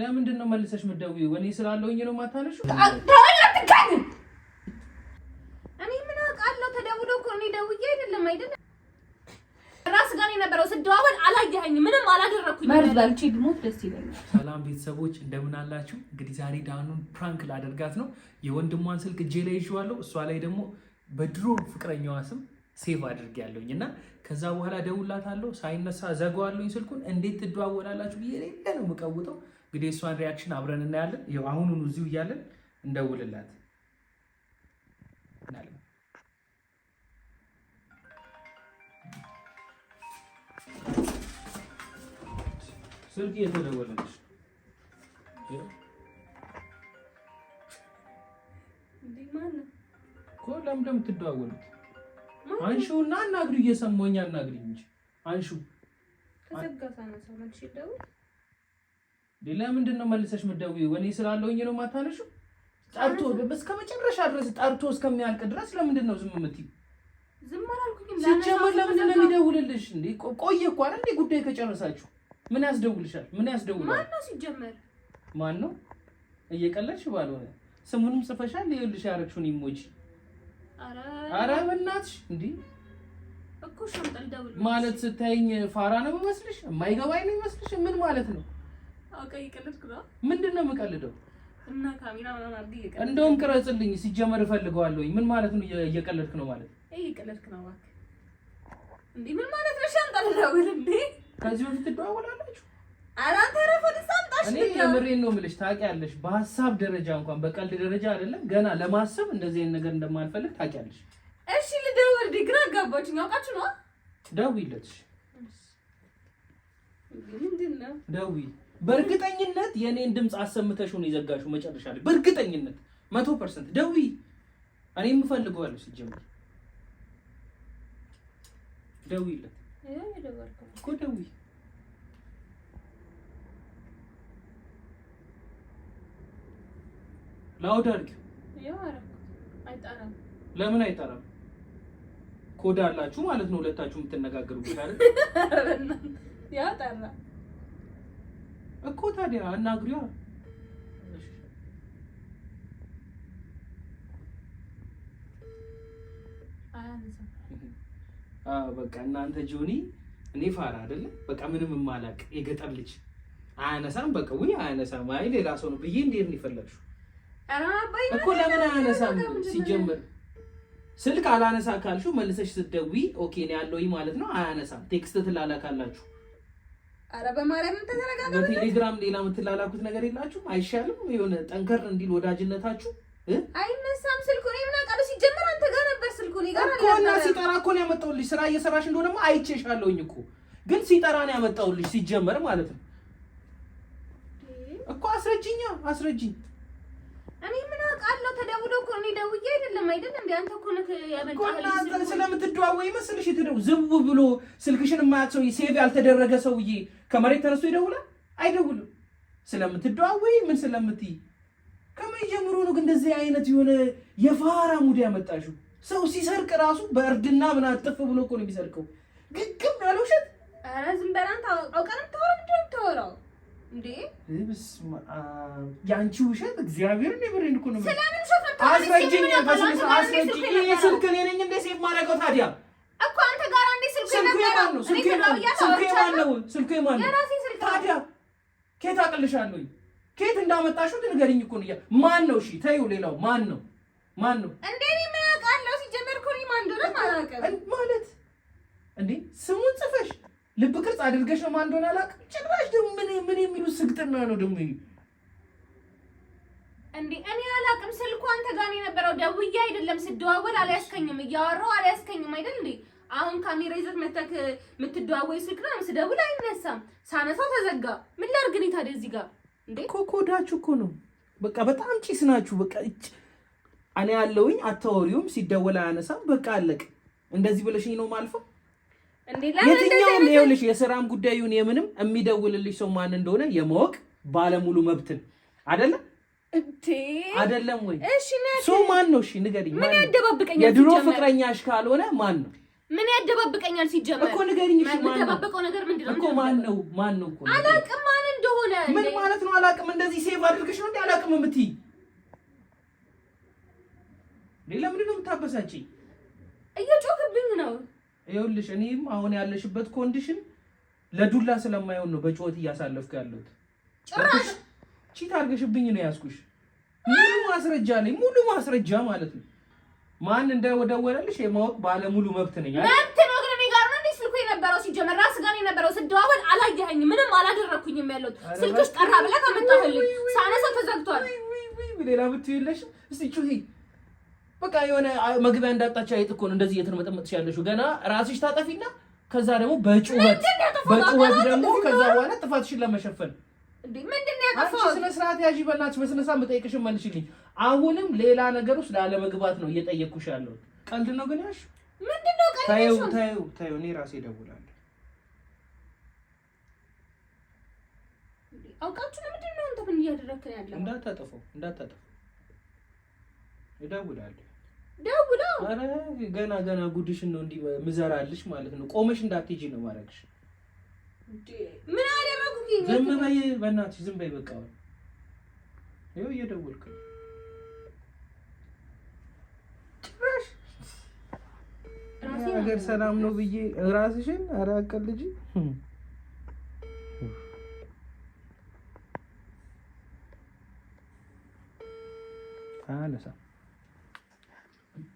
ለምንድን ነው መልሰሽ የምትደውይው? እኔ ስላለሁኝ ነው የማታነሺው። እኔ ምን አውቃለሁ? ተደውሎ እኮ እኔ ደውዬ አይደለም አይደለም ጋር የነበረው ስደዋወል አላየኸኝ፣ ምንም አላደረኩኝ። መርዛልቺ ደስ ይለኛል። ሰላም ቤተሰቦች እንደምን አላችሁ? እንግዲህ ዛሬ ዳኑን ፕራንክ ላደርጋት ነው። የወንድሟን ስልክ እጄ ላይ ይዤዋለሁ። እሷ ላይ ደግሞ በድሮ ፍቅረኛዋ ስም ሴቭ አድርግ ያለውኝ እና ከዛ በኋላ ደውላታለሁ። ሳይነሳ ዘጋዋለሁኝ ስልኩን። እንዴት ትደዋወላላችሁ ብዬ ሌለ ነው የምቀውጠው። እንግዲህ እሷን ሪያክሽን አብረን እናያለን። ይኸው አሁኑኑ እዚሁ እያለን እንደውልላት ስልክ እየተደወለልሽ እኮ ለምንድን ነው የምትደዋወሉት? አንሹ እና አናግሪው። እየሰማኝ አናግሪኝ እንጂ አንሹ። አንሺው። ለምንድን ነው መልሰሽ የምትደውይው? እኔ ስላለሁኝ ነው የማታነሺው? ጠርቶ እስከ መጨረሻ ድረስ ጠርቶ እስከሚያልቅ ድረስ ለምንድን ነው ዝም የምትይው? ሲጀመር ለምንድን ነው የሚደውልልሽ? እንደ ቆየ እኮ አይደል? እንደ ጉዳይ ከጨረሳችሁ ምን ያስደውልሻል? ምን ያስደውልሻል? ማን ነው ሲጀመር? ማን ነው? እየቀለድሽ ባልሆነ ስሙንም ጽፈሻል። ይኸውልሽ ያደረግሽውን ኢሞጂ ኧረ በእናትሽ እንደ እኮ ማለት ስታይኝ ፋራ ነው የሚመስልሽ? የማይገባኝ ነው የሚመስልሽ? ምን ማለት ነው? ምንድን ነው የምቀልደው? እንደውም ቅረጽልኝ፣ ሲጀመር እፈልገዋለሁኝ። ምን ማለት ነው? እየቀለድክ ነው ማለት ነው? ምን ማለት ነው? ከዚህ በፊት ትደዋወላላችሁ እኔ የምሬን ነው የምልሽ። ታውቂያለሽ፣ በሀሳብ ደረጃ እንኳን በቀልድ ደረጃ አይደለም ገና ለማሰብ እንደዚህ አይነት ነገር እንደማልፈልግ ታውቂያለሽ። እሺ፣ ልደውል። ግራ አጋባችኝ። አውቃችሁ ነው። ደውዪለትሽ፣ ደውዪ። በእርግጠኝነት የእኔን ድምፅ አሰምተሽ ነው የዘጋሽው መጨረሻ ላይ። በእርግጠኝነት መቶ ፐርሰንት ደውዪ። እኔ የምፈልገው ያለሽ ሲጀምር ደውዪለት እኮ ደውዪ ላውድ አድርጊው። ለምን አይጠራም? ኮዳ አላችሁ ማለት ነው ሁለታችሁ ብቻ አይደል? ያጠራ እኮ ታዲያ አናግሪዋ። በቃ እናንተ ጆኒ፣ እኔ ፋራ አይደለም በቃ ምንም የማላቅ የገጠር ልጅ አያነሳም። በቃ ውይ አያነሳም። አይ ሌላ ሰው ነው ብዬ እንዴት ነው የፈለግሽው? እኮ ለምን አያነሳም? ሲጀምር ስልክ አላነሳ ካልሽው መልሰሽ ስትደውይ ኦኬ ነው ያለው ማለት ነው። አያነሳም። ቴክስት ትላላካላችሁ። በማርያም በቴሌግራም ሌላ የምትላላኩት ነገር የላችሁም? አይሻልም? የሆነ ጠንከር እንዲል ወዳጅነታችሁ። አይነሳም ስልኩ ምን ሲጀምር አንተ ጋር ነበር ስልኩ ጋር ሲጠራ እኮ ነው ያመጣሁልሽ። ስራ እየሰራሽ እንደሆነማ አይቼሻለሁኝ እኮ ግን ሲጠራ ነው ያመጣሁልሽ ሲጀመር ማለት ነው እኮ አስረጅኛ አስረጅኝ እኔ ምን አውቃለሁ? ተደውሎ እኮ እኔ ደውዬ አይደለም እንደ አንተ እኮ ነው ያመጣኸው። ስለምትደዋወይ መስልሽ የተደው ዝም ብሎ ስልክሽን የማያውቅ ሰውዬ፣ ሴቭ ያልተደረገ ሰውዬ ከመሬት ተነስቶ ይደውላል? አይደውልም። ስለምትደዋወይ ምን ስለምትይ ከምን ጀምሮ ነው ግን እንደዚህ አይነት የሆነ የፋራ ሙድ ያመጣሽው? ሰው ሲሰርቅ ራሱ በእርድና ምን አጥፍ ብሎ እኮ ነው የሚሰርቀው። ግግም ያለው ውሸት። ኧረ ዝም በል አውቀንም ታወራ ምንድን ነው የምታወራው? እንዴ የአንቺ ውሸት እግዚአብሔርን የምሬን እኮ ነው። አስረጅኝ፣ አስረጅኝ። ስልክ እኔ ነኝ እንደ ሴፍ ማድረገው ታዲያ እኮ አንተ ጋር አንዴ ነው። ነው? ነው? ታዲያ ኬት አቅልሻለሁኝ? ኬት እንዳመጣሽው እኮ ነው። ማን ነው? እሺ ተይው። ሌላው ማን ነው? ማን ነው እንዴ? ምን አውቃለሁ? ሲጀመር እኮ እኔ ማን እንደሆነ ማለት እንዴ ስሙን ጽፈሽ ልብ ቅርጽ አድርገሽ ነው ማን እንደሆነ አላውቅም። ጭራሽ ደግሞ ምን ምን የሚሉ ስግጥና ነው ደግሞ ይሄ እንዴ! እኔ አላውቅም። ስልኩ አንተ ጋር ነው የነበረው። ደውዬ አይደለም ስደዋወል አልያዝከኝም፣ እያወራሁ አልያዝከኝም አይደል እንዴ? አሁን ካሜራ ይዘት መተክ የምትደዋወይ ስልክ ነው። ስደውል አይነሳም፣ ሳነሳው ተዘጋ። ምን ላድርግ እኔ ታዲያ እዚህ ጋር እንዴ? ኮኮዳችሁ እኮ ነው በቃ በጣም ጭስ ናችሁ። በቃ እኔ ያለውኝ አታወሪውም፣ ሲደወል አያነሳም። በቃ አለቅ። እንደዚህ ብለሽኝ ነው ማልፈው የትኛውም ይኸውልሽ፣ የስራም ጉዳይ ይሁን የምንም የሚደውልልሽ ሰው ማን እንደሆነ የማወቅ ባለሙሉ መብትን አይደለም አይደለም ወይ? ሰው ማን ነው? እሺ ንገሪኝ። ምን ያደባብቀኛል? የድሮ ፍቅረኛሽ ካልሆነ ማን ነው? ምን ያደባብቀኛል? ሲጀመር እኮ ንገሪኝ። እሺ ማን የምትደባበቀው ነገር ምንድን ነው? እኮ ማን ነው? ማን ነው? እኮ አላውቅም ማን እንደሆነ። ምን ማለት ነው አላቅም። እንደዚህ ሴቭ አድርገሽ ነው እንዴ አላውቅም የምትይ? ለምንድን ነው የምታበሳችኝ? እየጮህብኝ ነው ይኸውልሽ እኔም አሁን ያለሽበት ኮንዲሽን ለዱላ ስለማይሆን ነው በጩኸት እያሳለፍኩ ያለሁት። ጭራሽ ቺት አድርገሽብኝ ነው ያዝኩሽ። ሙሉ ማስረጃ አለኝ፣ ሙሉ ማስረጃ ማለት ነው። ማን እንደወደወለልሽ የማወቅ ባለሙሉ መብት ነኝ። መብት ነው ግን እኔ ጋር ነው እንዴ ስልኩ የነበረው? ሲጀመር ራስ ጋር ነው የነበረው ስደዋወል አላየኸኝም፣ ምንም አላደረኩኝም ያለሁት። ስልክሽ ቀራ ብለህ ከመጣህልኝ ሳነሳው ተዘግቷል። ሌላ ብትይለሽ እስቲ ጩሂ በቃ የሆነ መግቢያ እንዳጣች አይጥ እኮ ነው እንደዚህ እየተመጠመጥሽ ያለሽው። ገና ራስሽ ታጠፊና ከዛ ደግሞ በጩኸት በጩኸት ደግሞ ከዛ በኋላ ጥፋትሽን ለመሸፈን ስነ ስርዓት ያዥ። በላች። በስነ ስርዓት መጠየቅሽን መልሽልኝ። አሁንም ሌላ ነገር ውስጥ ላለመግባት ነው እየጠየቅኩሽ ያለው። ቀልድ ነው ግን ያልሽ ምንድን ነው? ተይው ተይው ተይው። እኔ ራሴ እደውላለሁ። አውቃችሁ ነው ምንድን ነው? እንዳታጠፈው እንዳታጠፈው፣ እደውላለሁ ደውላ ኧረ ገና ገና ጉድሽን ነው እንዲህ ምዘራልሽ ማለት ነው። ቆመሽ እንዳትሄጂ ነው ማድረግሽ። ምን አደረጉኝ? ዝም በይ በእናትሽ ዝም በይ በቃ። ይኸው እየደወልክ ነው ሰላም ነው ብዬ ራስሽን ኧረ አቀልጂ አነሳ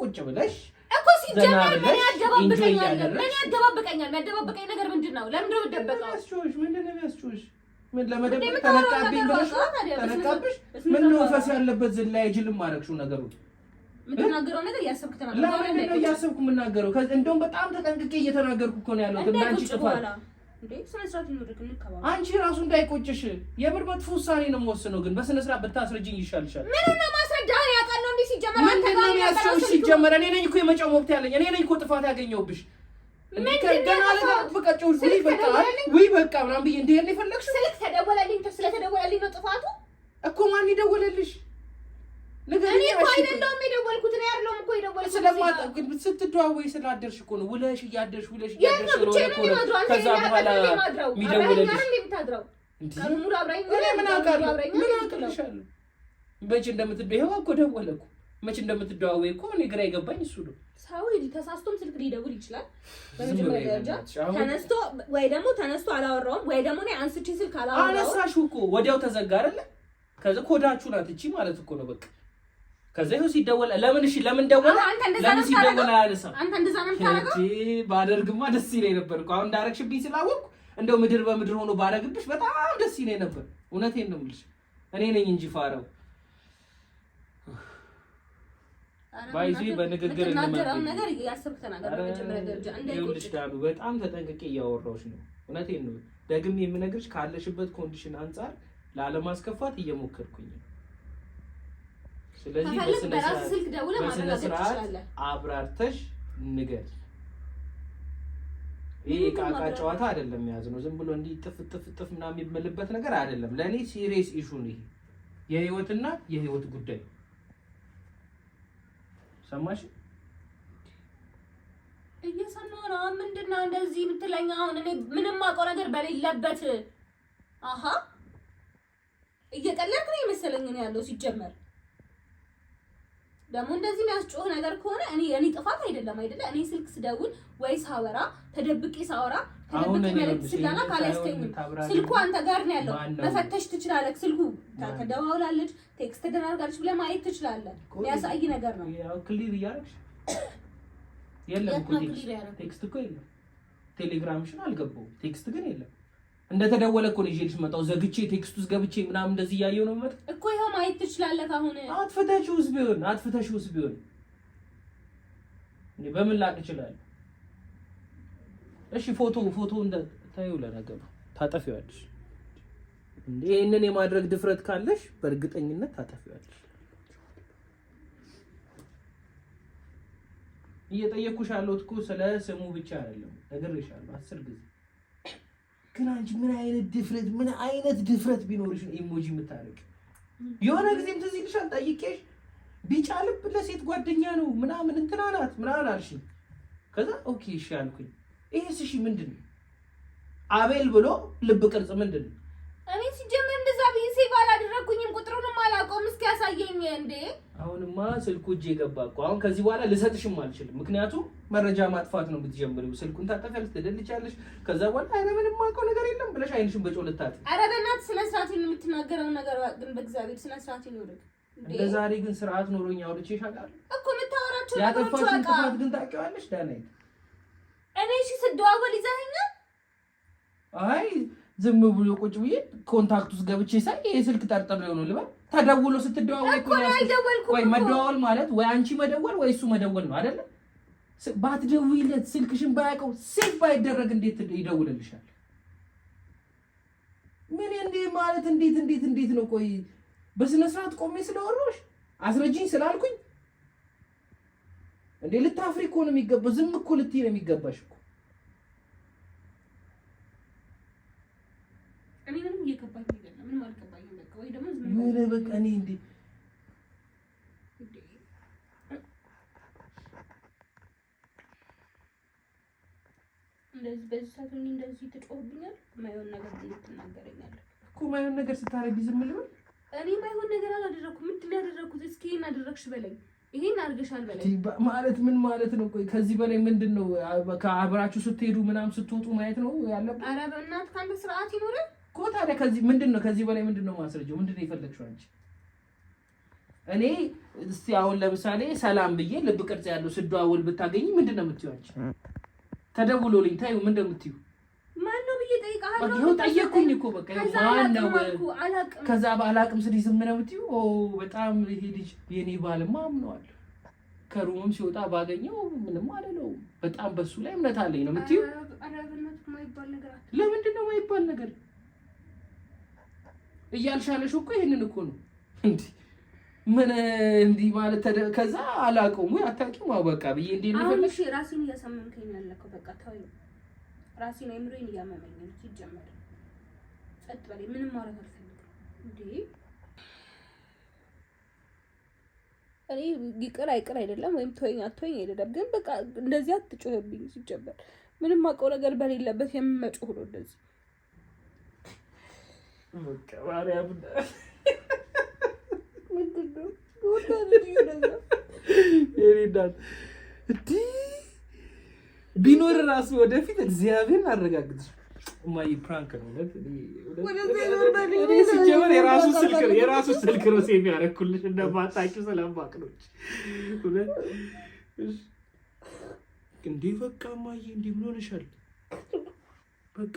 ቁጭ ብለሽ እኮ ሲጀመር ምን ያደባብቀኛል? ምን ያደባብቀኛል? የሚያደባብቀኝ ነገር ምንድን ነው? ለምንድን ነው የምትደበቀው? ምን ለመደበቅ ተነቃብኝ ብለሽ ተነቃብሽ? ምን ነው ፈስ ያለበት ዝላ አይችልም አደረግሽው ምን ተናገረው ነገር እያሰብክ ነው የምናገረው? እንደውም በጣም ተጠንቅቄ እየተናገርኩ እኮ ነው ያለሁት ጥፋት አንቺ ራሱ እንዳይቆጭሽ የምር መጥፎ ውሳኔ ነው የምወስነው፣ ግን በስነ ስርዓት ብታስረጅኝ ይሻልሻል። ምን ነው ማስረጃ ያውቃል እንዴ? ሲጀመር አንተ ጋር ያለው ሲጀመር እኔ ነኝ እኮ የመጫው መብት ያለኝ እኔ ነኝ እኮ ጥፋት ያገኘሁብሽ። በቃ ምናምን ብዬሽ እንደ የፈለግሽው ስለተደወለልኝ ነው ጥፋቱ እኮ። ማን ይደወለልሽ? አይደለሁም ነው ስትደዋወይ ስላደርሽ እኮ ነው ውለሽ እያደርሽ ውለሽ እያደርሽ ከዛ እኮ ደወለ እኮ እንደምትደዋወይ እኮ እኔ ግራ የገባኝ እሱ ነው። ሰው ተሳስቶም ስልክ ሊደውል ይችላል። በመጀመሪያ ደረጃ ተነስቶ ወይ ደግሞ ተነስቶ አላወራውም ወይ ደግሞ እኔ አንስቼ ስልክ አላወራውም። አነሳሽው እኮ ወዲያው ተዘጋ አይደለ? ማለት እኮ ነው በቃ ከዚህ ነው ሲደወል ለምን እሺ፣ ለምን ደወለ? ለምን ሲደወል አያነሳም? ባደርግማ ደስ ይለኝ ነበር እኮ አሁን እንዳረግሽብኝ ስላወቅኩ እንደው ምድር በምድር ሆኖ ባረግብሽ በጣም ደስ ይለኝ ነበር። እውነቴን ነው የምልሽ እኔ ነኝ እንጂ ፋረው ባይዚ በንግግር እንመጣለን። በጣም ተጠንቅቄ እያወራሁሽ ነው። እውነቴን ነው ደግሜ የምነግርሽ ካለሽበት ኮንዲሽን አንጻር ላለማስከፋት እየሞከርኩኝ ነው ስለዚህ በስነ ስርዓት አብራርተሽ ንገር። ይህ ዕቃ ዕቃ ጨዋታ አይደለም የያዝ ነው። ዝም ብሎ እንዲህ ጥፍ ጥፍ ጥፍ ምናምን የሚመልበት ነገር አይደለም። ለእኔ ሲሪየስ ኢሹ ነው ይሄ የህይወትና የህይወት ጉዳይ ሰማሽ? እየሰማሁ ነው። ምንድን ነው እንደዚህ የምትለኝ አሁን? እኔ ምንም አውቀው ነገር በሌለበት አሀ እየቀለድክ ነው የመሰለኝ ነው ያለው ሲጀመር ደግሞ እንደዚህ የሚያስጮህ ነገር ከሆነ እኔ እኔ ጥፋት አይደለም አይደለ? እኔ ስልክ ስደውል ወይ ሳወራ ተደብቄ ሳወራ ተደብቄ መልዕክት ስላላክ አላያስገኝም። ስልኩ አንተ ጋር ነው ያለው፣ መፈተሽ ትችላለህ። ስልኩ ተደዋውላለች፣ ቴክስት ተደራርጋለች ብለህ ማየት ትችላለህ። የሚያሳይ ነገር ነው። ክሊር እያደረግሽ የለም፣ ቴክስት እኮ የለም። ቴሌግራምሽን አልገባሁም፣ ቴክስት ግን የለም እንደተደወለ እኮ ነው ይዤልሽ መጣሁ። ዘግቼ ቴክስት ውስጥ ገብቼ ምናምን እንደዚህ እያየሁ ነው መጣ እኮ። ይኸው ማየት ትችላለህ። አሁን አትፈተሽውስ ቢሆን አትፈተሽውስ ቢሆን እኔ በምን ላቅ እችላለሁ? እሺ ፎቶ ፎቶ እንደ ታዩ ለነገሩ ታጠፊዋለሽ። ይህንን የማድረግ ድፍረት ካለሽ በእርግጠኝነት ታጠፊዋለሽ። እየጠየኩሽ ያለሁት እኮ ስለ ስሙ ብቻ አይደለም፣ ነግሬሻለሁ አስር ጊዜ ግን አንቺ ምን አይነት ድፍረት ምን አይነት ድፍረት ቢኖርሽ ነው ኢሞጂ የምታደርግ? የሆነ ጊዜም ትዝ ይልሻል ጠይቄሽ ቢጫ ልብ ለሴት ጓደኛ ነው ምናምን እንትና ናት ምናምን አልሽ። ከዛ ኦኬ እሺ አልኩኝ። ይሄስ እሺ ምንድን ነው አቤል ብሎ ልብ ቅርጽ ምንድን ነው? እንዴ? አሁንማ ስልኩ እጄ ገባ እኮ። አሁን ከዚህ በኋላ ልሰጥሽም አልችልም። ምክንያቱም መረጃ ማጥፋት ነው የምትጀምሪው። ስልኩን ታጠፊያለሽ፣ ትደልቻለሽ። ከዛ በኋላ ኧረ ምንም የማውቀው ነገር የለም ብለሽ አይንሽም በጮልታት። ኧረ በእናትህ ስነ ስርዓት ይሁን የምትናገረው ነገር ግን በእግዚአብሔር ስነ ስርዓት ይሁን። እንደ ዛሬ ግን ስርዓት ኖሮኝ አውርቼሽ አውቃለሁ እኮ የምታወራቸው ያጠፋሽን ጥፋት ግን ታውቂዋለሽ ዳናዬ። እኔ እሺ ስደዋወል ይዘኸኛል። አይ ዝም ብሎ ቁጭ ብዬ ኮንታክት ውስጥ ገብቼ ሳይ ይሄ ስልክ ጠርጥር ሊሆኑ ልበል ተደውሎ ስትደዋወል ወይ መደዋወል ማለት ወይ አንቺ መደወል ወይ እሱ መደወል ነው አይደለ? ባትደውይለት ስልክሽን ባያውቀው ሴፍ ባይደረግ እንዴት ይደውልልሻል? ምን እንዴ ማለት እንዴት እንዴት እንዴት ነው? ቆይ በስነ ስርዓት ቆሜ ስለወሮሽ አስረጅኝ ስላልኩኝ እንዴ ልታፍሪ እኮ ነው ዝም እኮ ልትይ ነው የሚገባሽ እኮ የገባኝ በቃ እኔ እንዴ እንደዚህ በዚህ ሰዓት እኔ እንደዚህ ትጮህብኛል። ማይሆን ነገር ትናገረኛለህ እኮ ማይሆን ነገር ስታረጊ ዝም ልበል? እኔ ማይሆን ነገር አላደረኩም። ምንድን ነው ያደረኩት? እስኪ ይሄን አደረግሽ በለኝ፣ ይሄን አድርገሻል በለኝ ማለት ምን ማለት ነው? ቆይ ከዚህ በላይ ምንድን ነው? ከአብራችሁ ስትሄዱ ምናምን ስትወጡ ማየት ነው ያለብን? ኧረ በእናትህ ከአንተ ስርዓት ይኖረን እኮ ታዲያ ከዚህ ምንድን ነው ከዚህ በላይ ምንድን ነው ማስረጃው? ምንድን ነው የፈለግሽው አንቺ? እኔ እስቲ አሁን ለምሳሌ ሰላም ብዬ ልብ ቅርጽ ያለው ስደዋውል ብታገኝ ምንድን ነው የምትይው አንቺ? ተደውሎልኝ ታዩ ምንድን ነው የምትይው? ማን ነው ብዬ ጠይቃለሁ። ይኸው ጠየቅኩኝ እኮ በቃ ማን ነው ከዛ በአላቅም ስልሽ ዝም ነው የምትይው? ኦ በጣም ይሄ ልጅ የኔ ባልማ አምነዋለሁ ከሩምም ሲወጣ ባገኘው ምንም አልለውም። በጣም በሱ ላይ እምነት አለኝ ነው የምትይው? ለምንድን ነው የማይባል ነገር እያልሻለሽ እኮ ይህንን እኮ ነው። እንዲህ ምን እንዲህ ማለት ከዛ አላውቀውም ወይ አታውቂም? አዎ በቃ ብዬ እንዴ ነው ፈለሽ ራሴን እያሳመምከኝ ያለከው በቃ ታዩ ራሴን አይምሮኝ እያመመኝ ነው። ሲጀመር ጸጥ በለኝ፣ ምንም ማውራት አልፈልግም። እንዴ እኔ ይቅር አይቅር አይደለም ወይም ተወኝ አትወኝ አይደለም፣ ግን በቃ እንደዚህ አትጮህብኝ። ሲጀመር ምንም አውቀው ነገር በሌለበት የምመጮህ ነው እንደዚህ እንዲህ ቢኖር ራሱ ወደፊት እግዚአብሔር አረጋግጥ። ማይ ፕራንክ ነው። ሲጀመር የራሱ ስልክ ነው ሴቭ ያደረኩልሽ እንደማታውቂው ስለማውቅ ነው። እንዲህ በቃ እማዬ እንዲህ ምን በቃ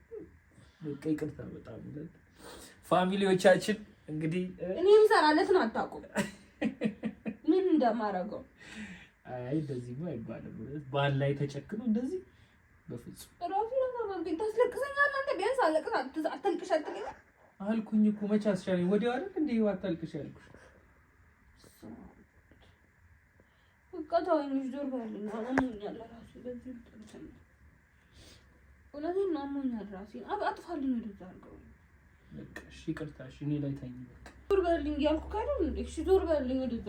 ይቅርታ በጣም ፋሚሊዎቻችን እንግዲህ እኔ የምሰራለት ነው። አታውቁም ምን እንደማደርገው። አይ እንደዚህ ነው አይባልም። ባል ላይ ተጨክኖ እንደዚህ በፍጹም ራሱ ለማንገኝ አንተ። ቢያንስ አትልኝ አልኩኝ እኮ መቼ አስቻለኝ? ወዲያው አይደል አታልቅሽ ያልኩሽ። በቃ ተወኝ ዞር በልና ራሱ በዚህ እውነቴን ነው አሞኛል። ራሴን አጥፋልኝ ወደዛ አድርገው ይቅርታ እኔ ላይ ታይ ዞር በልኝ እያልኩ ካይደል እንዴ? እሺ ዞር በልኝ ወደዛ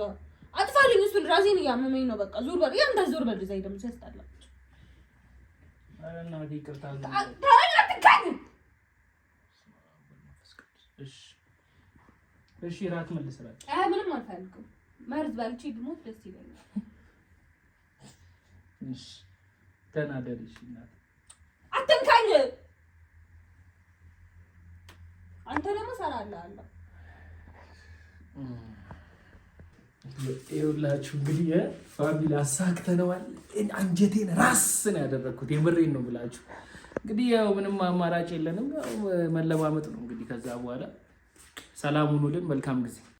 አጥፋልኝ። እሱን ራሴን እያመመኝ ነው። በቃ ዞር በል ያንዳ ዞር በል ዛይ ደግሞ ሲያስጣላችሁ እሺ እራት መልስላት። አይ ምንም አልፈልግም። መርዝ ባልቼ ድሞት ደስ ይለኛል። እሺ ተናደድሽ እናት አትንካኝ። አንተ ደግሞ እሰራልሃለሁ። ይኸውላችሁ እንግዲህ ፋሚሊ አሳክተነዋል። አንጀቴን ራስ ነው ያደረግኩት። የምሬን ነው ብላችሁ እንግዲህ ያው ምንም አማራጭ የለንም። ያው መለማመጥ ነው እንግዲህ። ከዛ በኋላ ሰላም ሁኑልን። መልካም ጊዜ